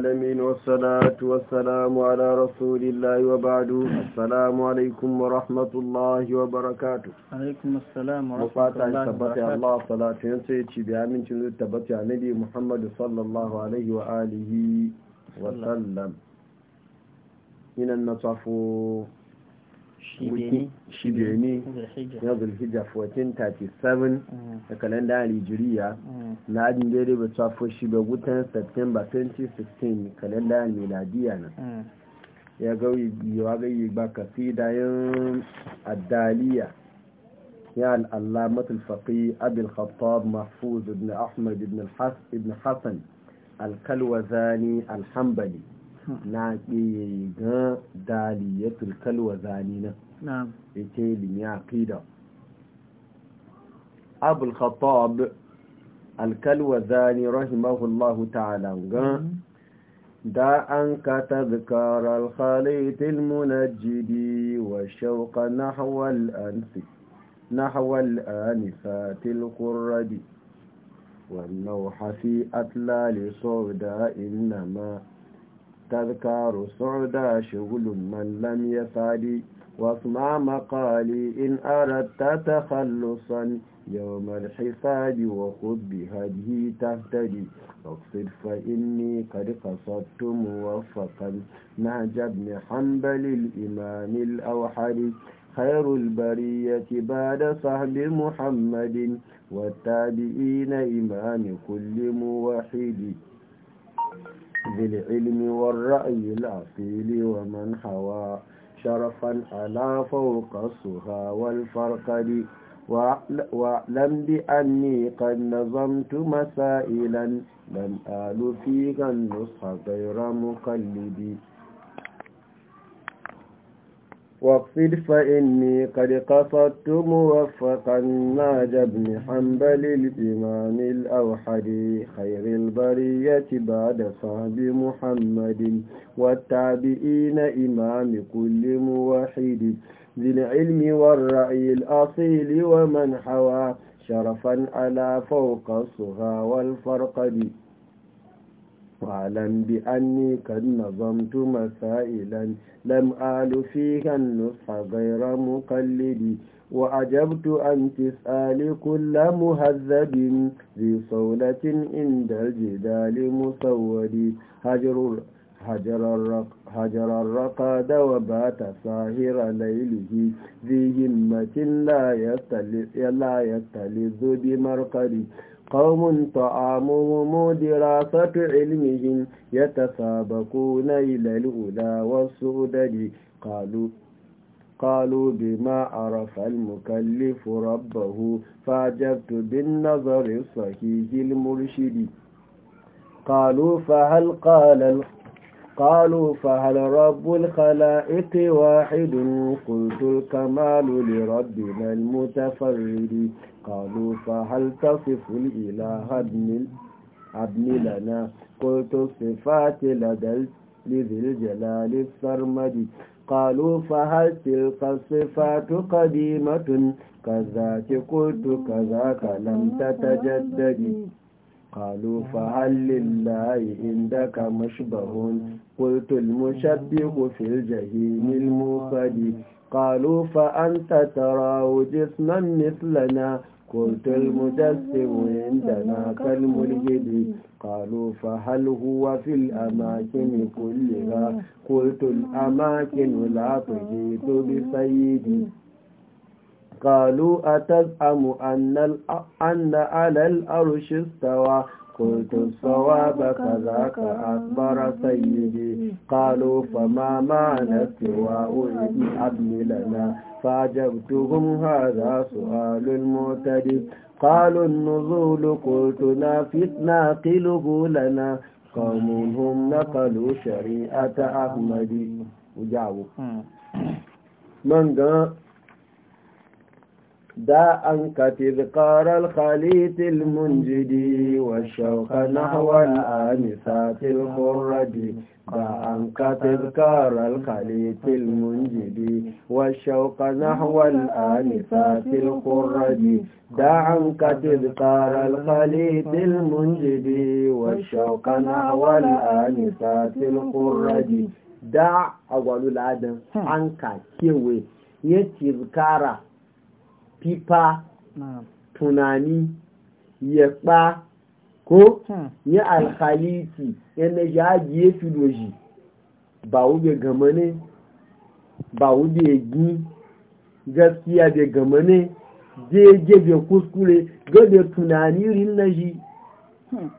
العالمين والصلاة والسلام على رسول الله وبعد السلام عليكم ورحمة الله وبركاته عليكم السلام ورحمة الله وبركاته الله صلاة ينسيتي بأمين شنو تبتي نبي محمد صلى الله عليه وآله وسلم من النصف shige ne ya zulhijja 1437 da kalenda alijiriya na adin daidai ba tsafo shiga wutan september 2016 kalenda miladiya na mm. ya gauyewa gayi ba kasidayen addaliya ya al'allamat al-faqi abin khattab mahfuz ibn ahmad ibn hassan alkalwazani alhambali na ke ga dali daliyatul kalwa zani nan yake limi aqida abul khattab alkalwa zani rahimahullahu ta'ala ga da an ka tazkar alkhalit munajjidi wa shawqa nahwa al-ansi nahwa al-anifat al-qurradi والنوح في أتلال صودا إنما تذكار سعدا شغل من لم يفعل واصنع مقالي إن أردت تخلصا يوم الحساب وخذ بهذه تهتدي واقصد فإني قد قصدت موفقا نهج ابن حنبل الإمام الأوحد خير البرية بعد صحب محمد والتابعين إمام كل موحد بالعلم والرأي العقيل ومن حوى شرفا على فوق الصهى والفرقد واعلم بأني قد نظمت مسائلا لم آل فيها النصح غير مقلدي واقصد فإني قد قصدت موفقا ناج بن حنبل الإمام الأوحد خير البرية بعد صحب محمد والتابعين إمام كل موحد ذي العلم والرأي الأصيل ومن حوى شرفا على فوق الصغى والفرقد واعلم بأني قد نظمت مسائلا لم آل فيها النصح غير مقلدي وأجبت أن تسأل كل مهذب ذي صولة عند الجدال مسودي هجر هجر الرق هجر الرقاد وبات ساهر ليله ذي همة لا يستلذ بمرقدي قوم طعامهم دراسة علمهم يتسابقون إلى الأولى والسودج قالوا قالوا بما عرف المكلف ربه فعجبت بالنظر الصحيح المرشد قالوا فهل قال قالوا فهل رب الخلائق واحد قلت الكمال لربنا المتفرد قالوا فهل تصف الإله ابن ابن لنا قلت الصفات لدل لذي الجلال السرمد قالوا فهل تلك الصفات قديمة كذاك قلت كذاك لم تتجدد قالوا فهل لله عندك مشبه قلت المشبه في الجحيم الموقد قالوا فأنت تراه جسما مثلنا قلت المدسم عندنا كالملجد قالوا فهل هو في الأماكن كلها قلت الأماكن لا تجيد بسيدي قالوا أتزعم أن, أن على الأرش استوى قلت الصواب كذاك أخبر سيدي قالوا فما معنى استواء ابن عدن لنا فأجبتهم هذا سؤال معتدل قالوا النزول قلت نافت ناقله لنا قوم هم نقلوا شريعة أحمد وجعوا من قال أنك تذكار الخليط المنجدي والشوق نحو الآنسات الخرج أنك تذكار الخليط المنجدي والشوق نحو الآنسات الخرج أنك تذكار الخليط المنجدي والشوق نحو الآنسات الخرج دا أول العدم أنك كيوي يتذكاره fifa tunani yaɓa ko hmm. ya alhaliti yana ya jiye filoji ba wube gama ne ba wube gi gaskiya da gama ne jeje da kuskure gada tunani rin na ji hmm.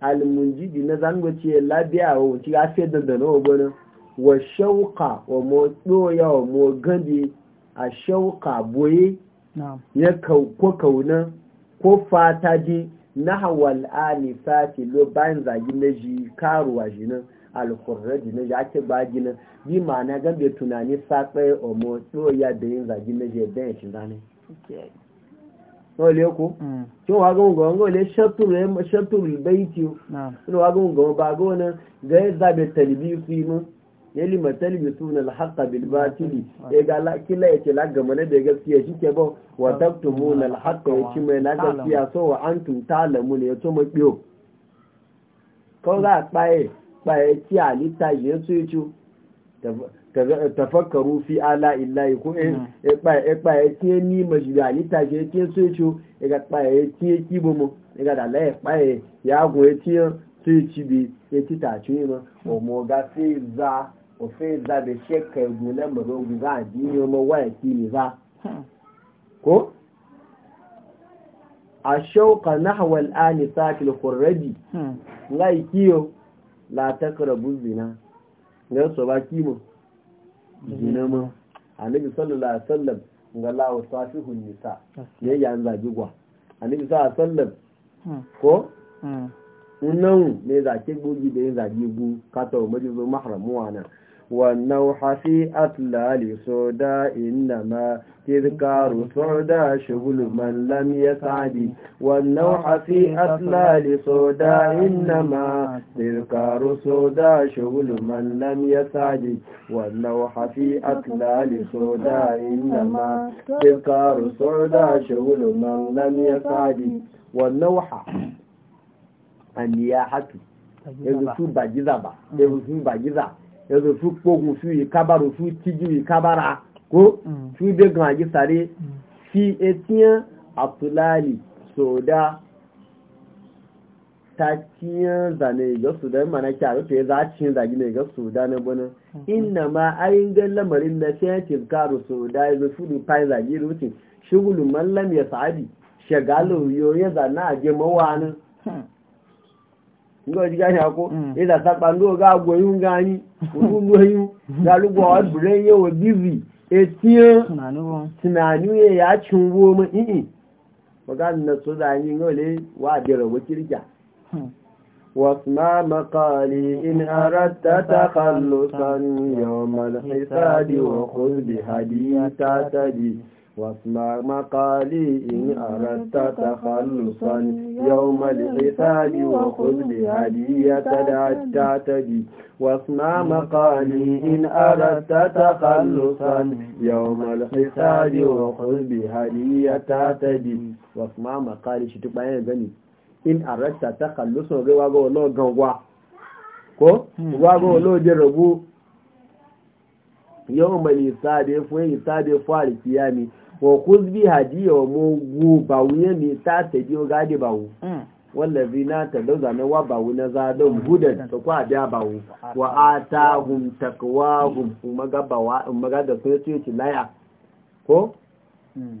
almunjidi na zangoce labiya wa wuce ya fi dandana wa wa shauka wa mo tsoya wa mo gande a shauka boye ya ko kauna ko fata ji na hawal alifati lo bayan zagi na ji karuwa ji nan alkurra ji na ji ake ba ji nan bi ma'ana gambe tunani sakwai omo tsoya da yin zagi na ji ya shi zane wale ko mm. kin wa ga ngon wale shatul shatul baiti ina wa ga ngon ba ga wannan ga yadda be talbi fi mun ya lima talibi suna alhaqa bil batili ya e ga la kila yake la gamane da gaskiya shike ba wa taktumuna alhaqa yake mai na gaskiya so wa antum ne ya to mu biyo ko ga paye paye ti alita yesu yesu tafakkaru fi ala illahi ko e eh, mm. paye paye ti ni majida alita je ti yesu yesu e ga paye ti kibo mo e ga da la paye ya go ti ti bi e ti ta chi mo mm. o mo ga se za òfin ìdábẹ̀ ṣẹ́kẹ̀ ẹ̀gbùn lẹ́mọ̀rọ̀ ogun gáà dí ní ọmọ wá ẹ̀kí rẹ̀ rá kó aṣọ́ọ̀kà náà wà láàrin sáàkìlì kọ̀rẹ́dì láì kí o látẹ́kọ̀rọ̀ bú zina lẹ́yìn sọ bá kí mọ̀ zina mọ́ àníbi sọ́lọ̀lá sọ́lọ̀m ga láwọ̀ sáfí hùn nìta yẹ́ yà ń zàbí gwà ko hmm. ne da yin zage gu kata wa majizo nan والنوح في أطلال سودا إنما تذكار سودا شغل من لم يسعد والنوح في أطلال سودا إنما تذكار سوداء شغل من لم يسعد والنوح في أطلال سودا إنما تذكار سودا شغل من لم يسعد والنوح أن النياحة يغسو باجزة يغسو باجزة yanzu su kogun su yi kabaru su ciji yi kabara ko mm. su bai gan aji sare mm. fi etiyan abdullali soda ta ciyan zane ga suda mana kya rufe za a ciyan zagi ne ga soda na bana mm. inna ma ayin gan lamarin na fiye tilkaru soda ya zafi rufa zagi rutin shigulun mallam ya sa'adi shagalin yoyon zana a gemawa nan hmm. nígbà tí káṣà kó ìdà sápàndó ọgá agbóyún gáyín olúgbóyún galúgbọ́ ọdúnrẹ́ yóò bíbì etí tìmàníwé àtúnwó mọ́ ìyìn ọgá nà sódà yìí ní olè wà dẹ̀rọ̀ wó kíríkà wàsùmá makali iná rátátá kàlùsàn yọmọ ìsáàdì wọ̀kùn bí hadí tátàdì واسمع مقالي إن أردت تخلصا يوم الحساب وخذ بهدية لا تعتدي واسمع مقالي إن أردت تخلصا يوم الحساب وخذ بهدية تعتدي واسمع مقالي شتوك بعين غني إن أردت تخلصا غواغو لو غوا كو wago lo je rabu yawmal hisabi fu hisabi wa kuzbi hadiya wa mugu ba wuya mai ta ta ji ga da bawu mm. wallazi na ta dauza na wa bawu na za da hudan ta kwa ba wu. wa atahum takwahum kuma ga bawa kuma da sun ce ci laya ko mm.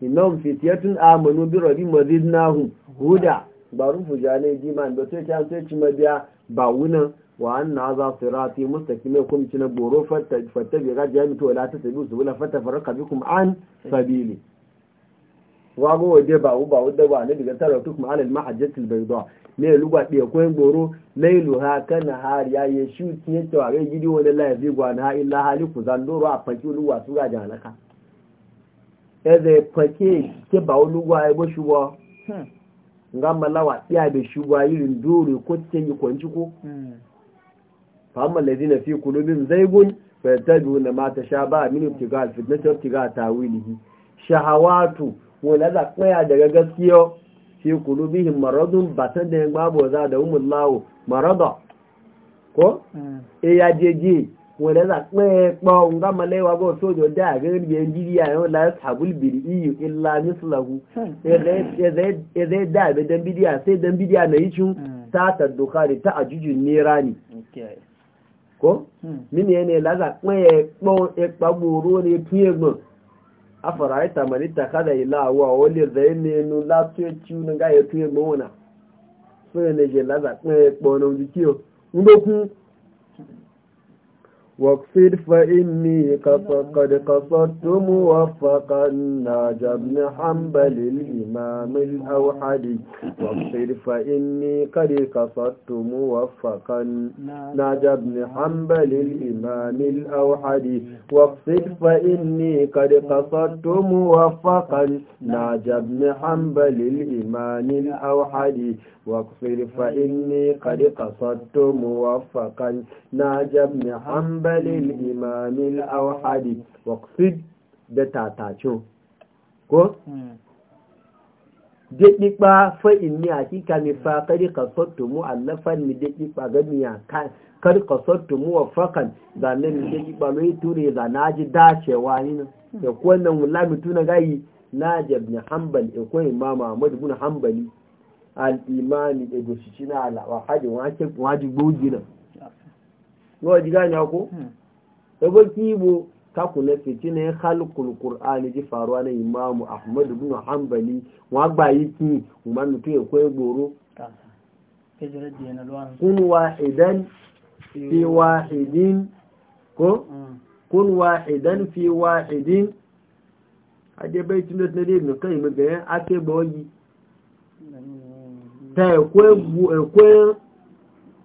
innahum fityatun amanu bi rabbihim mazidnahum huda baru jane ji man da ce an sai ci mabiya bawuna wa anna za sirati mustaqima kum cin na fatta fatta bi ga jami to la tasabu subula fatta farqa bikum an sabili wa go de ba u ba u ba ne daga taratukum ala alal mahajjati al-bayda ne lugwa de ko boro lailu ha kana har ya ye shu tiye to are gidi wala la yabi gwa na illa haliku zandoro a faki lugwa su ga jalaka eze faki ke ba lugwa e bo shuwa hmm. ngamba lawa ya be shuwa irin duru ko tenyi ko njiko hmm. فأما الذين في قلوبهم زيغ فيتبعون ما تشابه منه ابتغاء الفتنة وابتغاء تاويله شهوات ولذا قيا daga gaskiyo fi qulubihim maradun batan da babu za da umullahu marada ko e ya jeje walaza pe po nga malewa go sojo da ga ni en diri ya yo la sabul biri illa mislahu e zai da be dan sai dan na yi ta ta dukhari ta nera ne ko hmm. mini yana laza kwaye kpagboro ne tuye gbon a fara ita malita kada ila wa wale zai ne nu latuye ciwon ga ya tuye gbon wana so yana je laza kwaye kpagboro واقصد فإني قد قصدت موفقا ناجى بن حنبل الإمام الأوحد واقصد فإني قد قصدت موفقا ناجى بن حنبل الإمام الأوحد واقصد فإني قد قصدت موفقا ناجى بن حنبل الإمام الأوحد واقصد فإني قد قصدت موفقا ناجى بن حنبل hanbalin imamil auhadi waqsid da tatacin ko daƙiƙa fa'in ni hakika mi fa kari kasattu mu allafan mi daƙiƙa gami ya kar kasattu mu wa fakan zane mi daƙiƙa mai ture za na ji dacewa ni na ya kwanan wula mi tuna gayi na jab ni hambal ya kwa imama amadu bin hambali al'imani ya goshi shi na alawa hajji wajen gogi na wa ji gane ko ki kibo ka ku na fitinin halkul qur'ani ji faruwa na imam ahmad ibn hanbali wa gba yi ki umma mutu ko koyi goro kun wahidan fi wahidin ko hmm. kun wahidan fi wahidin aje bai tun da tare ne kai mu ga ake bawaji ta ko ko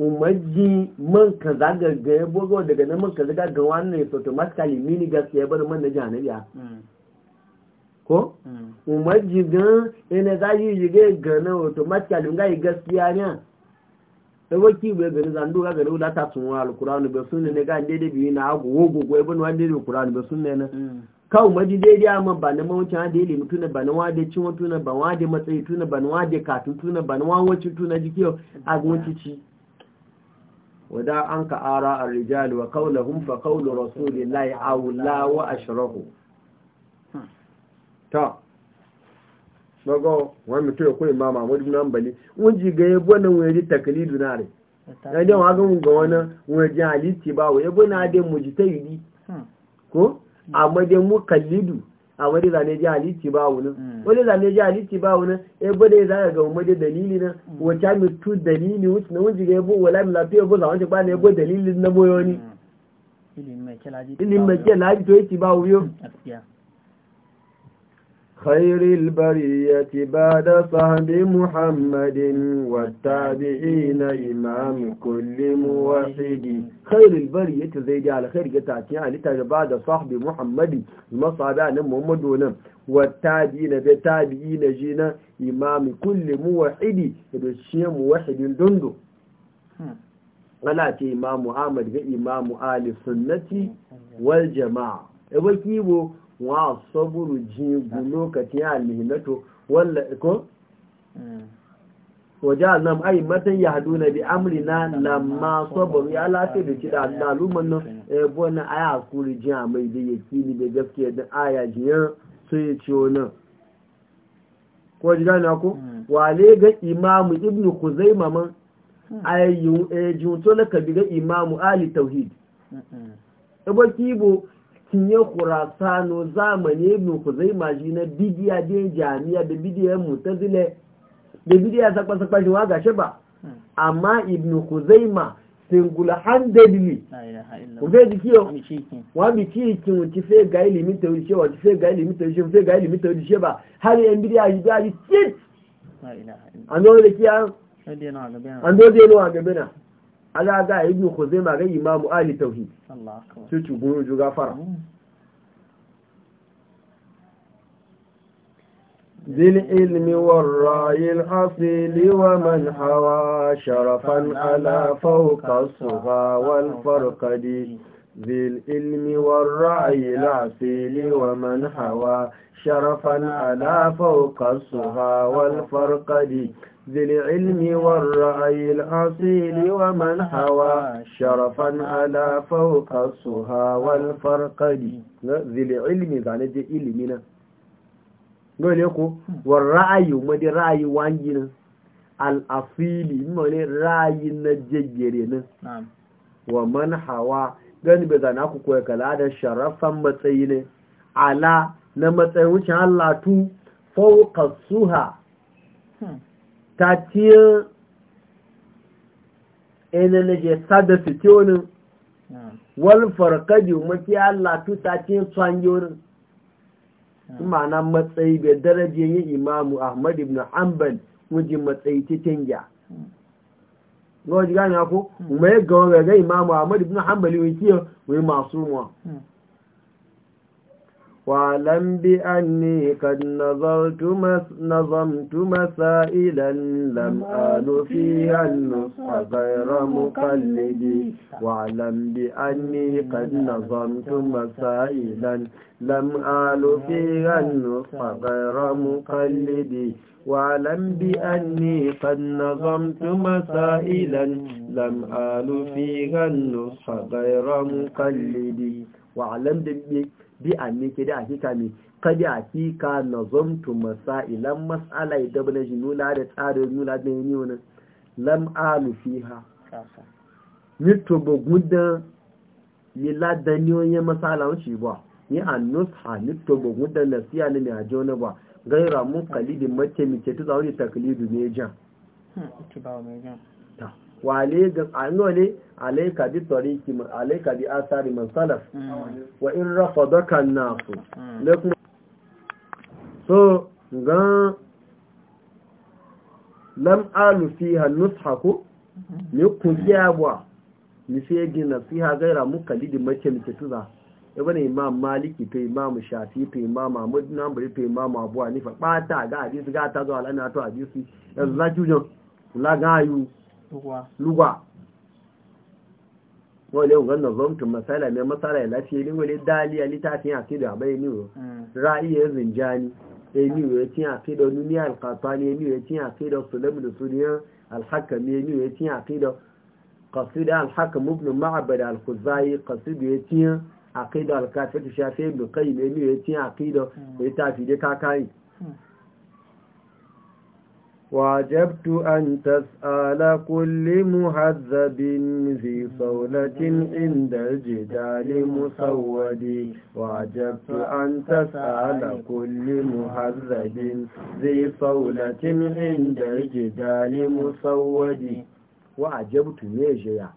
umarji man ka zagaga ya bugo daga nan man ka zagaga wannan ya soto maskali mini gaskiya bar man na jihanabiya hmm. ko hmm. umarji gan ina za yi yi ga gana automatically ga yi gaskiya ne da waki bai gani zandu ga da wulata sun wa alkurani ba sun ne ga dai biyu na agogo gogo ko ibn wani dai alkurani ba sun ne na kawo maji daidai a ma ba na mawuce wa daidai mu tuna ba na wade cin wa tuna ba wade matsayi tuna ba na wade katun tuna ba na wawacin tuna jikiyo a gunci ci wada an ka ara a rijali wa kaulahun fa kaulu rasulillahi aula wa ashirahu ta bago wani mutu ya kuwa imama wadda nan bali wunji ga yabo nan wani takalidu na rai na dai wani ga wani wajen halitti ba wa yabo na dai yi ko amma dai mu kalidu. a wani zane ji halitti ba wunin mm. wani zane ji halitti ba wunin e ya bude za ka ga umarni dalili na mm. wacce mi dalili wuce na wunji ga ya bu wala mi lafiya bu zawon ba na ya bu dalilin na moyoni mm. ilimin mai ke to yake ci ba wuyo خير البرية بعد صحب محمد والتابعين إمام كل موحد خير البرية زي دي على خير جتاتي يعني بعد صحب محمد المصابع محمد ونم والتابعين بتابعين جينا إمام كل موحد الشيء موحد دندو ولاتي إمام محمد إمام آل سنتي والجماعة ebe kibo wa saburu jigu lokacin almihnato walla ko hmm. wajen nam ayi matan ya hadu na bi amrina lamma sabaru ya lafi da kida laluman nan ebo eh, na aya kuri jiya mai da ni da gaske da aya jiyar sai ciwo nan ko ji gane ku hmm. wale ga imamu ibn kuzaima man hmm. ayyun ejun eh, to na kabi ga imamu ali tauhid ebo kibo kinye kurasano zamani ibn kuzaima shi na bidiya da jami'a da bidiyar mutazile da bidiya sakwa-sakwa shi wa gashi ba amma ibn kuzaima singular handedly jiki jikiyo wa bi cikin wuce fe ga ilimin ta wuce wa fe ga ilimin ta wuce fe ga ilimin ta wuce ba har yan bidiya yi gari cit an zo da kiyan an zo da wa gabina alaga ibn khuzaimah ga imamu ali tauhid Allah akbar cucu guru jugafar dil ilmi war ra'il hasili wa man hawa sharafan ala fawqa suha wal farqadi dil ilmi war ra'il hasili wa man hawa sharafan ala fawqa suha wal farqadi ذي العلم والرأي الأصيل ومن هوى شرفا على فوق الصها والفرقد ذي العلم ذاني دي علمنا قول يقول والرأي ما دي رأي وانجنا الأصيل ما دي رأي نججرنا ومن هوى قال bai zana كويك koya شرفا da على matsayi ne ala تو فوق wucin Allah ta ciye ina na je sada su ce wani wal farkadi mafi Allah tu ta tsohon ciye su ma'ana matsayi bai daraje yin imamu Ahmad ibn Hanbal wuji matsayi cikin hmm. ya ga gani ya ako mai gawa ga imamu Ahmad ibn Hanbal yi kiyo mai masu ruwa hmm. واعلم بأني قد نظرت مس نظمت مسائلا لم آل فيها النصح غير مقلدي واعلم بأني قد نظمت مسائلا لم آل فيها النصح غير مقلدي واعلم بأني قد نظمت مسائلا لم آل فيها النصح غير مقلدي واعلم بأني bi a me ke da hakika me kadi hakika nazamtu masailan mas'ala idan bana ji nula da tsarin nula da yini wani lam alu fiha to bo gudan lila da ni onye masala ci ba ni annus ha to bo gudan siya ni ne ajo ne ba gaira mun kalidin mace ce ta zaure taklidu ne jan hmm, wale ga anole alaika bi tariki alaika bi asari man salaf wa in rafadaka an-nas so gan lam alu fiha nushaku ni kungiya bwa ni sai gina fiha gaira mukallidi mace mace tuza ibn imam maliki fe imam shafi fe imam ahmad nambari fe imam abu hanifa bata ga hadisi ga ta zo alana to hadisi yanzu mm. za la jujo la gayu lugwa lugwa wọ́n lè wọ́n náà zọ́mtù masala mai masala láti ilé wọlé dáàlì alita fi hàn sídò àbá ẹni rọ ráyí ẹzìn jáni ẹni rẹ tí hàn sídò nínú alkata ni ẹni rẹ tí hàn sídò sọlẹ́mù da sọdíyàn alhakami mm. وعجبت أن تسأل كل مهذب في صولة عند الجدال مصود وعجبت أن تسأل كل مهذب في صولة عند الجدال مصود وعجبت ميجيا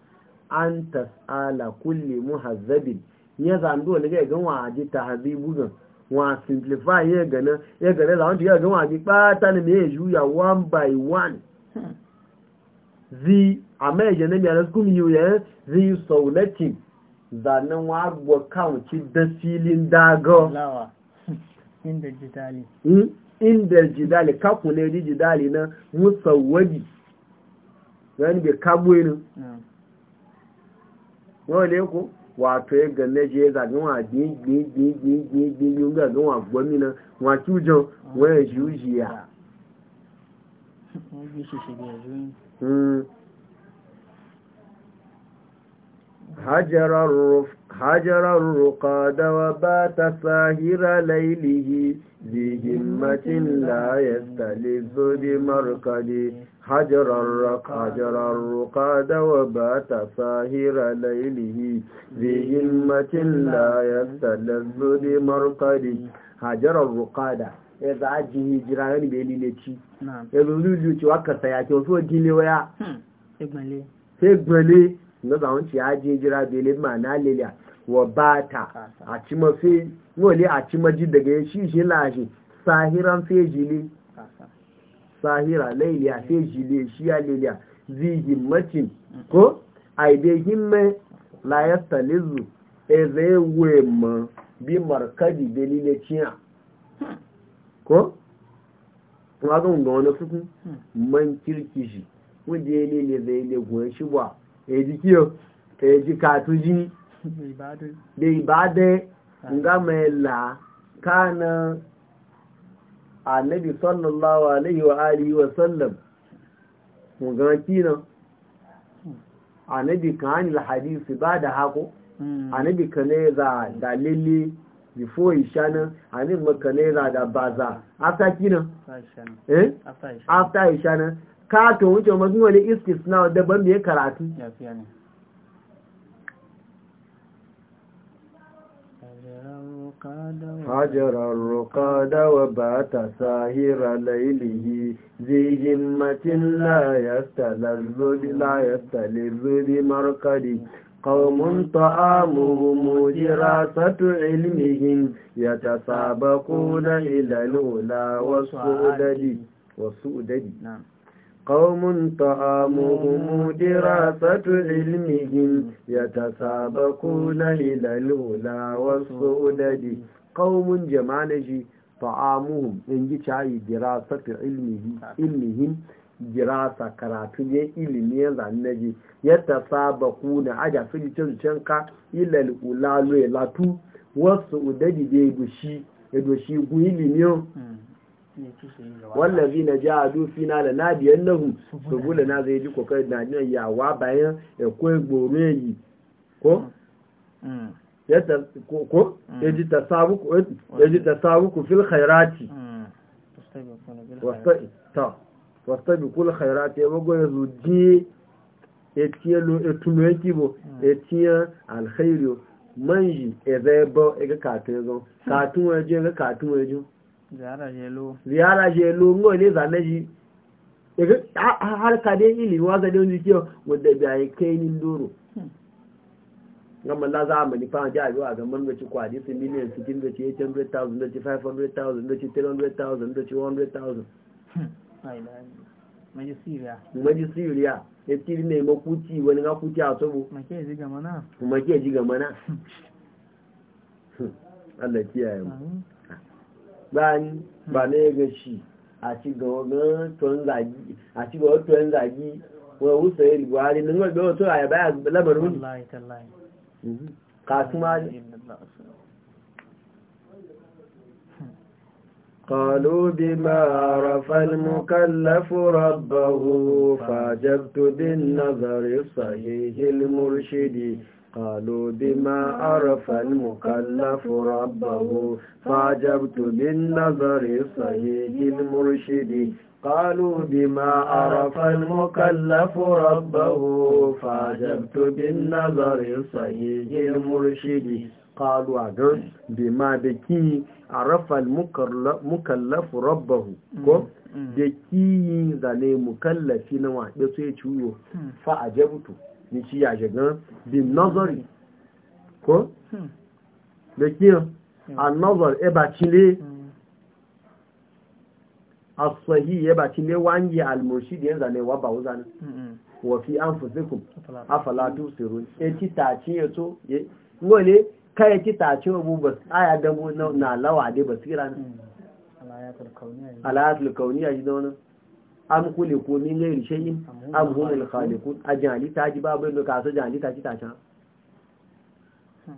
أن تسأل كل مهذب يزعم دول لغاية وعجي تهذيب wọn simplify yẹ gẹ̀nà yẹ gẹ̀nà làwọn ti yẹ gẹ̀nà àti pátá ni mìí èyí yà one by one zi àmẹ́ ìjẹ̀ níbi àrẹ skúl yìí yẹ zi sọ̀wọ́lẹ́tì zànà wọn àgbọ̀ káwọn ti dán sí ilé ń dágọ́ indal jidali hmm? kakun ne di jidali na musawwadi wani bai kagbo ne hmm. wani ne ko wato ya gane je ya zagin wa gbigbigbigbigbi yun gagin wa gwamina wa kyujan waya jujiya حجر الرفق هجر الرقاد وبات ساهر ليله بهمة لا يستلذ بمرقد حجر الرق الرقاد وبات ساهر ليله بهمة لا يستلذ بمرقد حجر الرقاد ya za a ji hijira yani bai lile ci ya zo zuciwa karsa ya ke wasu wajen lewaya sai gbale na zawon ci ya je jira bele ma na lelia wa bata a ci mafi nole a ci maji daga ya shi shi lashe sahiran jile sahira lailiya jile shi ya leliya macin ko a aibe himme la ya stalizu e we ma bi markadi dalilin ciya ko? kuma ga wani sukun hmm. man kirki shi wanda ne lele zai legon shi ba eji kiyo eji katuji da ibade nga mai la kana annabi sallallahu alaihi wa alihi wa sallam ga kina annabi kan al hadisi ba da hako annabi kane za da lili before ishana annabi makane za da baza after kina eh after ishana to wuce masu wani iskis na daban da ya karatu hajjarar rukada wa ba ta sahira lailihi zihin matin layasta lalzuri markadi kawmun ta'amu jira, rasatu ilmihin ya ta sabakuna ilalula wasu udadi wasu udadi قوم طعامهم دراسة علمهم يتسابقون إلى الأولى والسؤدد قوم جمعنجي طعامهم إنجي شعي دراسة علمهم علمهم dirasa karatu ne ilimi ya zanne ji yadda saba kuna aja fili cancan ka ilal ulalo latu wasu udadi ya doshi ya doshi zai na ja a dufina da na biyan nahu sabula na zai ji kokarin na nan yawa bayan ya kwai gboro ya yi ko mm. mm. ya ji ku fil khairati mm. wasta bi kula khairati ya mago ya zuji ya tiye tuno ya kibo ya tiye alkhairu manji ya zai bau ya ga katun ya zo hmm. katun ya je ga katun ya jo ziyara je lo ngo ne zane shi har ka dai ilimi wa ga dai jikiyo wanda da ya kai ni doro hmm. gama la za mu ni fa ja yiwa ga mun ci kwadi su million 60 da ci 800000 da ci 500000 da ci 300000 da ci 100000 maji siriya ya tiri ne makuci wani ga kuci a sabo make ji ga mana make ji ga mana Allah kiyaye mu bani ba hmm. na ya gashi a ci ga wagan tuwon zagi a ci ga wagan tuwon zagi wani wusa ya buhari nan ga gawa tuwa ya baya labarin kasu قالوا بما عرف المكلف ربه فعجبت بالنظر الصحيح المرشد قالوا بما عرف المكلف ربه فعجبت بالنظر الصحيح المرشد قالوا بما عرف المكلف ربه فعجبت بالنظر الصحيح المرشد قالوا عجب بما بكي عرف المكلف ربه zane mukallafi na wa ذلك مكلف ciwo fa a فعجبت ní a àṣẹ̀gán bí nọ́zọ̀rì kó hmm. lẹ́kíyàn anọ́zọ̀rì hmm. ẹbà hmm. chile asọ̀hí ẹbà chile wá ń yẹ alìmọ̀ṣídì ẹ̀zà lẹ́wà bàwọ́ zánà wọ̀ fi án fòsíkùn afàlátú sèrò etí tààchí ẹ̀tọ́ ngọ́lé ká etí am kule ko min gairi shayin am humul khaliqun a jalita ji babu da kasu jalita ci tashin hmm.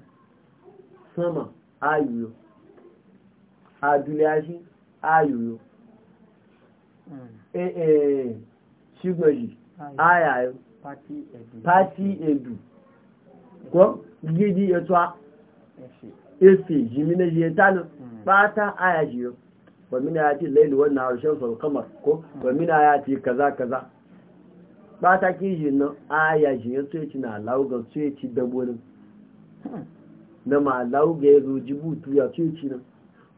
sama ayuyo adulashi ayuyo eh hmm. eh e, shigoji ayayo pati edu ko gidi eto efe jimi na jiye tanu pata hmm. ayajiyo wa mina ya ce laili wannan harshen shamsu ko wa ya ce kaza kaza ba ta kiji nan aya shi ya ce ci na lauga ya ci dabonin na ma lauga ya zo butu ya ce ci nan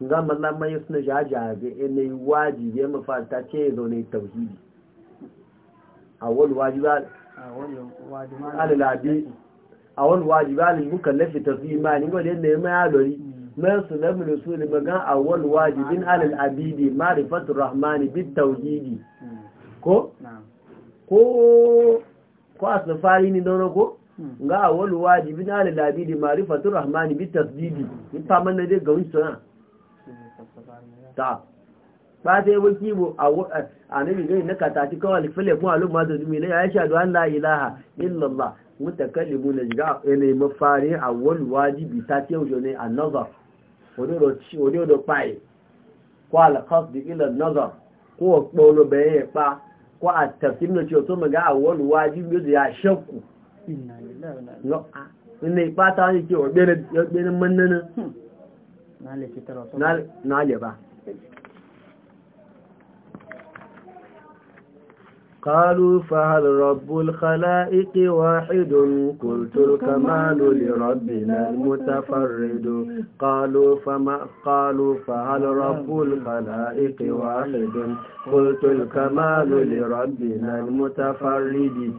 Nga mu lamma ya suna jaja ga yi waji ya mafarta ce ya zaune tauhidi a wani waji ba a wani wajiba alimukan lafi tafi imani wadda yanayi ya lori. man su lamu da su limagan wajibin alal abidi marifatul rahmani bit tauhidi ko ko ko asnafari ni dono ko ga awal wajibin alal abidi marifatul rahmani bit tasdidi in fa na da ga suna ta ba ta yi waki bu a nabi gani na katati kawai alifale kuma alu masu zumi na ya shaɗu an la ilaha illallah mutakallimu na jiga ne mafarin awal wajibi ta ce yau ne a nazar oníodò páì kó alakọ́sì ilẹ̀ nọ́dọ̀ kó ọ̀pọ̀ olóbẹ̀ẹ́yẹ pa kó àtẹ̀sí nínú tí ó tó mẹ́gá àwọn olùwájú lóde àṣẹ́kù nínú ipá táwọn ìkẹ́ ọ̀gbẹ́ni mọ́nánà hmm. náà lè bá قالوا فهل رب الخلائق واحد قلت الكمال لربنا المتفرد قالوا فما قالوا فهل رب الخلائق واحد قلت الكمال لربنا المتفرد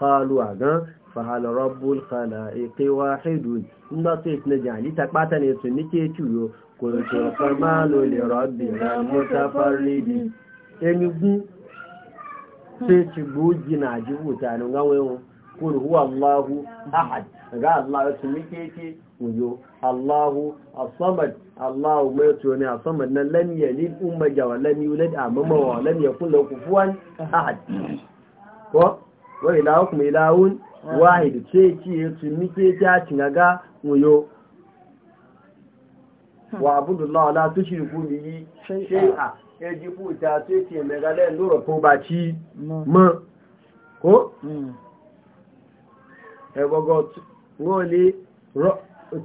قالوا عدن فهل رب الخلائق واحد نطيت نجعلي تقبعتني سنتي تيو قلت الكمال لربنا المتفرد sai ci gogi na ji hutanen gawayin kul huwa Allahu ahad ga Allah ya su muke ke wuyo Allahu as-samad Allahu mai tsoni as-samad nan lam yalid umma ja wa lam yulad amma wa lam yakun lahu kufuwan ahad ko wa ilahukum ilahun wahid ce ci ya su muke ta ga wuyo wa abudullahi la tushriku bihi shay'a ejipu ta sai ce megale lura ko ba ci ma ko? ẹgbọgọ wọle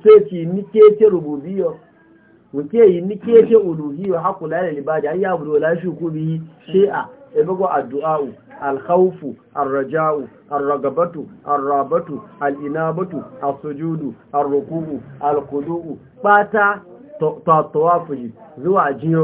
teki ní kéèké rububiyọ wùké yìí ní kéèké olùhíyọ hakùnlá ilẹ̀ libájá an bí ṣe à arragabatu arrabatu alinabatu pata zuwa jiyo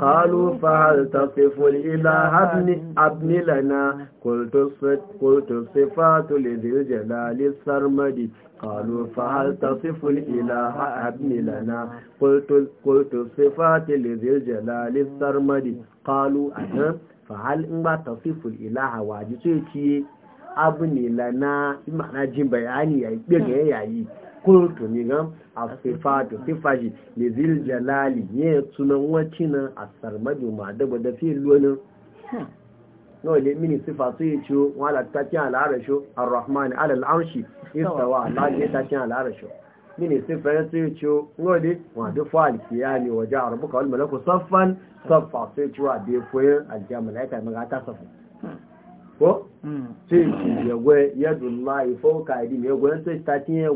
قالوا فهل تصف الإله ابن, ابن لنا قلت الصفات لذي الجلال السرمد قالوا فهل تصف الإله ابن لنا قلت, قلت الصفات لذي الجلال السرمد قالوا أنا فهل ما تصف الإله واجتك ابن لنا بمعنى جنب يعني يبقى يعني kultu ni gam asifatu sifaji li zil jalali ye tunan wacina asarmadu ma daba da fi luwanin hmm. nawa ne mini sifa su yi ciwo wala takin al'arasho arrahman alal arshi istawa Allah ya takin al'arasho mini sifa ya su yi ciwo nawa ne wa duk fa alkiyami wa ja rabbuka wal malaku saffan saffa su yi ciwo a bai foyin aljama laika maga ta safa ko sai sai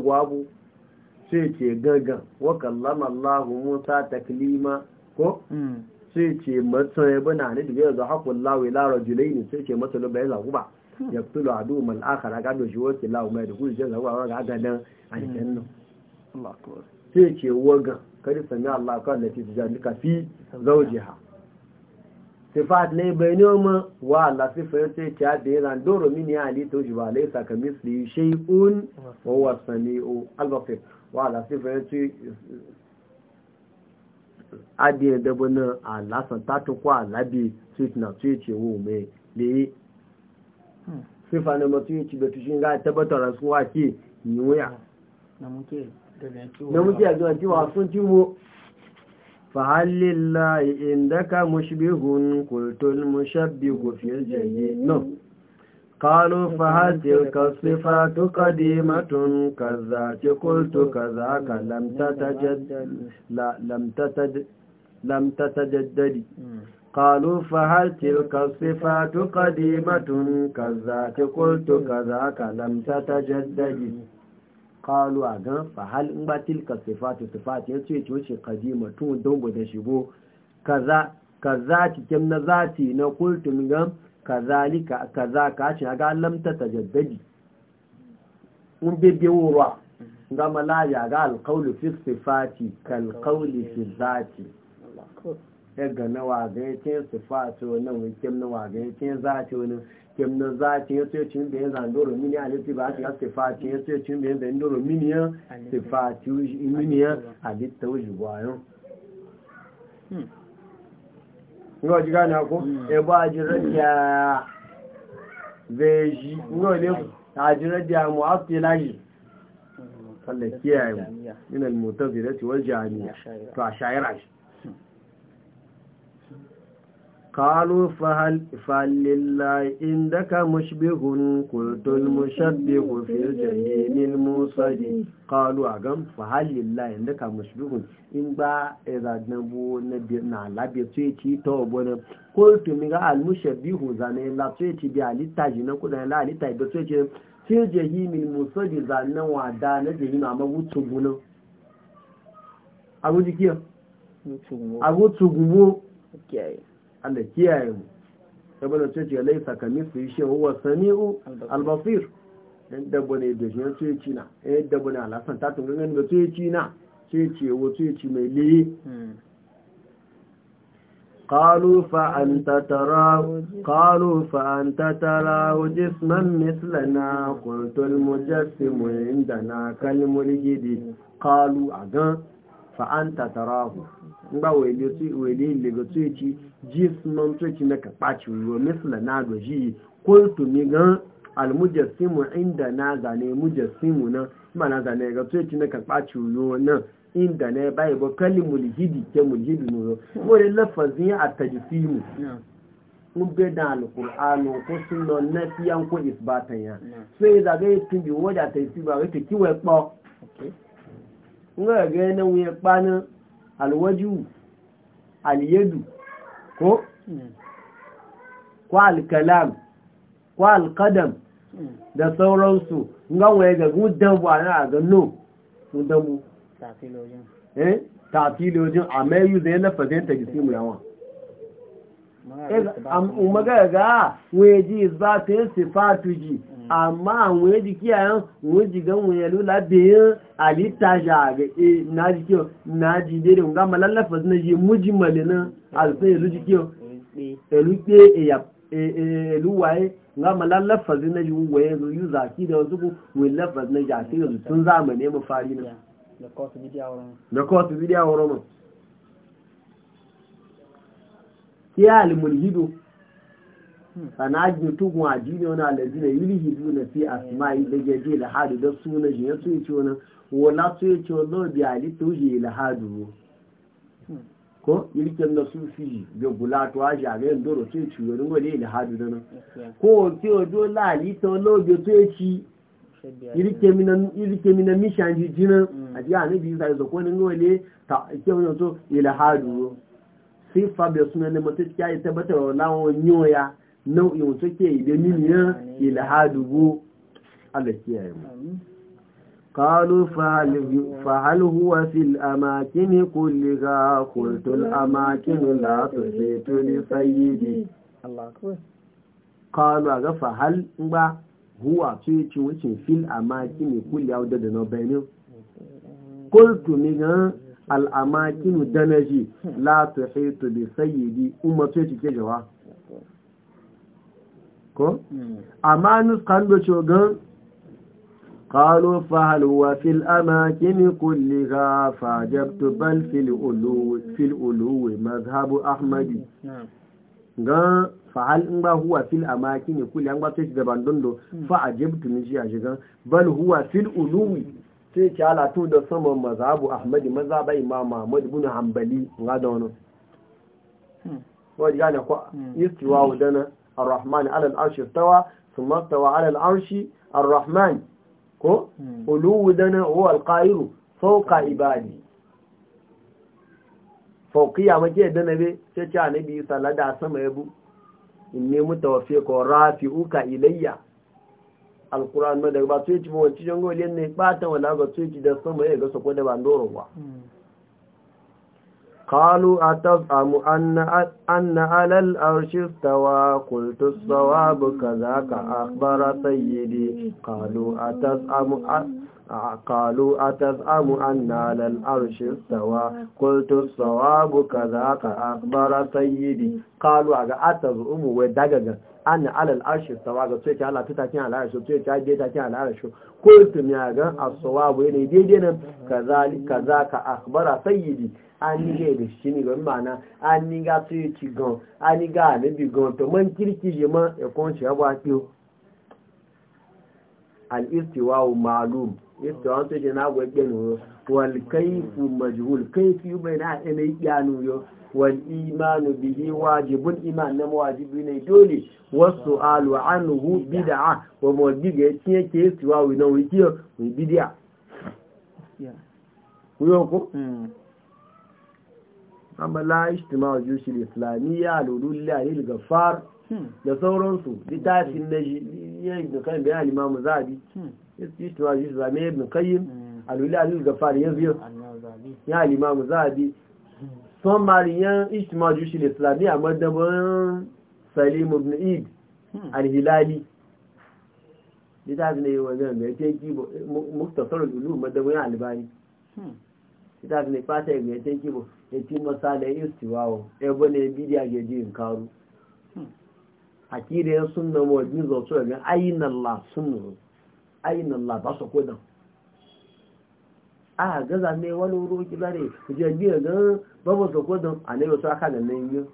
sai ce gagan wa kallama Allahu Musa taklima ko mm. sai ce matsayi bana ne da yanzu hakun lawi la rajulaini sai ce matsayi bai zaku ba hmm. yaqtulu adu mal akhar ga do shi wasu lawo mai da gudu jin zaku ga ga dan aljanna hmm. Allah akbar sai ce waga kada sami Allah ka lati tijalika fi zawjiha sifat ne bai ne ma wa Allah sifar sai ce ta da yaran doro mini ali to ba sakamis li shay'un wa huwa samiu al wala sifir ci adiyar dabanin alasan tatukwa alabi tweet na tweet ce wo mai da yi sifa na masu yi cibetushin ga tabbatar su wake yi wuya na muke a zuwa cewa sun ci mu fahallillahi inda mushbihun kultul mushabbihu fil jayyi no قالوا فهل الصفات قديمة كذات قلت كذاك لم تتجدد لا لم تتجدد لم تتجدد قالوا فهل تلك الصفات قديمة كذات قلت كذاك لم تتجدد قالوا أغن فهل ما تلك الصفات صفات يتويت وشي قديمة دوم بدشبو كذا كذات كم نذاتي نقلت من kazalika kaza ka ce ga lamta tajaddadi un mun bebbewo wura ga malaya ga alkaulu fi sifati kal kalkauli fi zati ya ga nawa na wagayacin sifati wani wikin ga yace zati wani kim na zati ya sai cin bayan doro mini a litti ba ta sifati ya sai cin bayan doro mini ya sifati mini ya a litta wuji gwayon hmm. níwọ̀n jí gánà kó ẹbọ́ mm. àjírẹ́dìá bẹ̀ẹ̀ṣì níwọ̀n ilé àjírẹ́dìá mọ̀ áfẹ́ láyé tallake mm. yayin minal mutazirai wal jami'a to a قالوا فهل فلله عندك مشبه قلت المشبه في الجحيم الموصد قالوا أقام فهل لله عندك مشبه إن با إذا نبو نبي نعلا بيتويتي توبونا قلت ميغا المشبه زاني لا تويتي بيالي نكو كنا لا لي تاي بتويتي في الجحيم الموصد زانا ودانا جحيم أما وطبونا أقول لك يا أقول تغبو Okay. Allah kiyaye mu saboda ce ce laisa kamisu shi huwa samiu al-basir dan dabba ne da shi ce ci na eh dabba na Allah san ta tun ganin da ce ci na ce ce wo ce ci mai li قالوا فأنت تراه قالوا فأنت تراه جسما مثلنا قلت المجسم عندنا كالملجد قالوا أغان فأنت تراه ngba wele tu wele ile go tu ci jisman tu ci na ka paci wo misla na go ji kultu mi gan al mujassimu inda na zane mujassimu na mana zane ga tu ci na ka paci wo na inda ne bai bo kalimul hidi ke mulhidi no wo le lafazin at tajsimu mun bai da alƙur'anu ko suna na fiyan ko isbatan ya sai da ga yakin bi wajen ta yi ba wata kiwai kpọ nga ga yana wuya kpanin alwaju alyadu ko ko alkalam ko alqadam da sauransu ngawo waye ga gudan ba na ga no gudan ta tafilojin eh tafilojin amma yu da yana ta gisimu yawa umaga um ga weji ba ta yi sifatu ji mm. amma ji kiyayen weji gan wuyelu labiyin alita ja ga e na ji kiyo na ji dere ma malallafa na ji muji malina alfai elu ji kiyo elu ke eya e, e, elu waye nga malallafa na ji waye zo yi zaki da wasu ku willafa na ji a sai yanzu tun zamane mafari na da kotu bidiya wurin ya almulhidu sana ji tugun addini wani alazi na yulhidu na fi asma'i da gaje lahadu da suna shi ya yi ya ce wani wala so ya ce wani bi alita to shi lahadu ko ilken da su fi ga gulato a jagayen doro so ya ce wani wani lahadu da nan ko ce o do lali to lobe so mm. yi ci ilike mina mishan jijinan a jiya ne biyu sai zakonin wale ta ike wani so ilahadu sai fabio suna ne mutu ya yi tabbata wa lawon yoya nau'in wasu ke da miniya ilhadugu a gaskiya yamma kalu fahal huwa fil amakin kulli ga kultul amakin la su zetu ni sayidi kalu a ga fahal ba huwa ce ce wucin fil amakin kulli a wadda da na benin kultu ni gan al'amakinu danaji la ta haitu bi sayyidi umarci cike jawa ko? amma nuskan da cogan قالوا فهل هو في الأماكن كلها فعجبت بل في الألو في الألو مذهب أحمد ga fahal in ba huwa fil amaki ne kuli an ba ta shi gaban dondo fa ajibtu min shi a shigan bal huwa fil uluwi sai ki halatu da saman mazabu ahmadi mazaba imam ahmad ibn hanbali nga da wannan hmm. wadi gane ko hmm. istiwa wadana ar-rahman ala al-arshi istawa thumma istawa ala al-arshi ar-rahman ko hmm. uluwu dana huwa al-qahiru fawqa ibadi fawqiya make da be sai ci annabi sallallahu alaihi wasallam yabu inni rafi rafi'uka ilayya alkura na daga ba tuwici ba wacce jangon liyan na ipatan wadda ga tuwici da sama ya gasa kwada ba ndoro ba hmm. kalu a tafamu an na alal arshi tsawa kultus tsawa buka za ka akbara sayyidi kalu a tafamu قالوا أتزعم أن على الأرش السوا قلت السواب كذاك أخبر سيدي an alal arshi sawa ga tsoye ta ala ta takin ala arshi tsoye ta je takin ala arshi ko tum ya ga as-sawabu ne daidai nan kazalika zaka akhbara sayyidi an ga da shi ne ga mana an ga tsoye ci gan an ga ne bi gan to man kirki je man e kon shi abwa al-istiwa ma'lum yadda wasu ce na gwagge nuyo wal kaifu majhul kaifi bai na ina iya nuyo wal imanu bihi wajibun iman na wajibi ne dole wasu alu anhu bid'a wa mawdiga yace yake suwa wi na wi kiyo wi bid'a kuyo ko hmm. amma la ijtima'u jushil islamiyya lulillahi lil ghaffar hmm. da sauransu litafin naji yayin da kan bayani imamu zabi hmm. istiwa yi zuwa mai ibn kayyim alwila alil gafar ya biyo ya alimamu zahabi son mariyan ishtima jushil islami a madaban salim ibn id hmm. alhilali ita ne yi wajen mai teki muktasar ulu madaban ya albani ita ne fata ya mai teki bo ya ti masa da istiwawo ebe ne bidiya ga jirin karu akidiyar sunna mawajin zautu daga ayin Allah sunna ayin Allah ba su kodan a gaza ne wani wuri kila ne jirgin gan babu su kodan a ne wasu aka da nan yi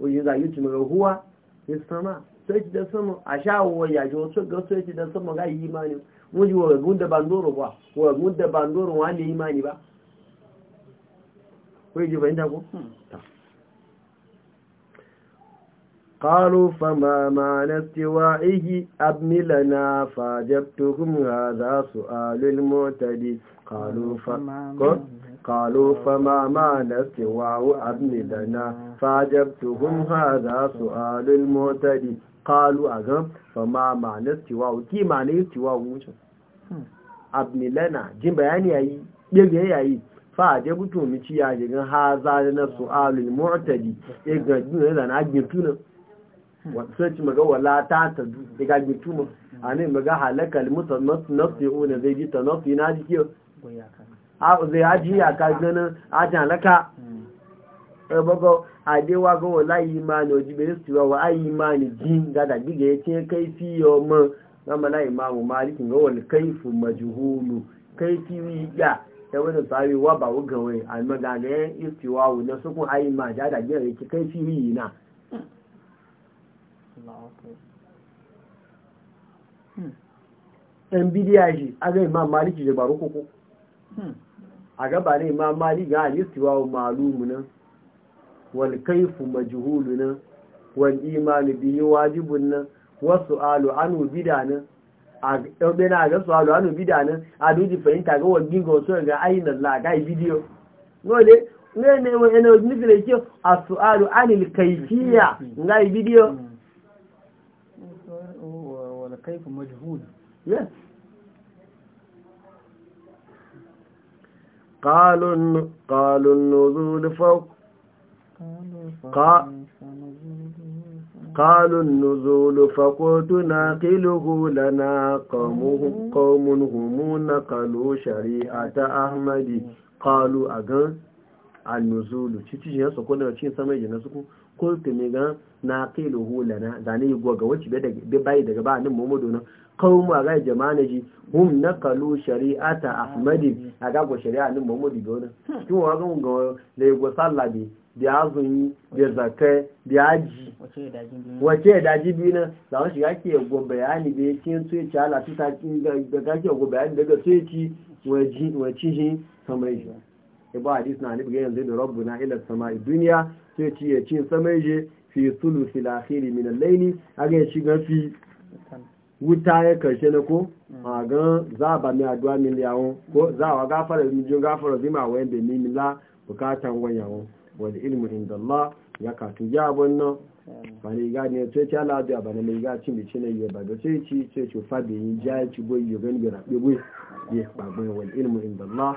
oyin za yi tumara huwa ya sama sai ci da sama a sha wa yaji wasu ga sai ci da sama ga yi imani mun ji wa gunda bandoro ba wa gunda bandoro wani imani ba ko yi ji fahimta ko? Hmm. ta قالوا فما معنى استوائه أبن لنا فاجبتهم هذا سؤال المعتدي قالوا فما قالوا فما معنى استواء لنا فاجبتهم هذا سؤال المعتدي قالوا أغم فما معنى استواء كي معنى استواء لنا جن بياني أي يجي أي فاجبتهم يجي أي هذا سؤال المعتدي يجب أن يجي أي wato ci maga wala ta ta daga gituma a ne maga halakal musamman nafi una zai jita nafi na jiki zai haji ya ka ganin ajin halaka eh, bago adewa ga wala yi imani oji bai su wa wa imani jin ga da diga ya ce kai fi yamma na mala imamu malikin ga wani kaifu majuhulu kai fi ya ta wani tsari wa ba wuga wai a magagayen istiwa wunan sukun ayi ma da da gina ya ce kai fi yi na ɗan bidiya shi a ga imam maliki da baro koko a gaba ne imam maliki ga alistiwa wa malumu nan wal kaifu majhulu nan wal imanu bihi wajibun nan wasu alu anu bida nan a ɗaube na ga su alu anu bida nan a duji fahimta ga wajen ga wasu ga ainihin la ga bidiyo ne ne wani nufin da ke a su su'alu anil kaifiya ga bidiyo كيف majhul yes قالوا قالوا النزول فوق قالوا النزول فقلت ناقله لنا قومه قوم هم نقلوا شريعة أحمد قالوا أغن النزول تشي تشي سكون تشي سمي جنسكم kultu mi gan na kilo na zane yi goga wacce bai bayi daga ba nan muhammadu na kawun a gai jama'a ji hum na kalu shari'ata ahmadi a gago shari'a nan muhammadu don wani kin wa gan ga da yago sallabi bi da azumi da zakai da aji wace da aji biyu na za mu shiga ke go bayani da yake sai ya ci ta kin ga ke go bayani daga sai ci ci wace shi samai shi ibu hadis na nufi yanzu da rabu na ilar sama duniya sai ci ya cin samai je fi sulu filahiri min laini ga ya shiga fi wuta ya karshe na ko mm. a gan za a ba mai aduwa min yawo ko za a gafara mijin gafara zima wa yadda ni mila bukatan yawo wani ilmu inda Allah ya katu ya wannan ba ne ga ne sai ci ala ba ne mai ga cin bici na yi ba ga sai ci sai ci fa da yi ja ci boye gani ga rabe boye ya ba wani ilmu inda Allah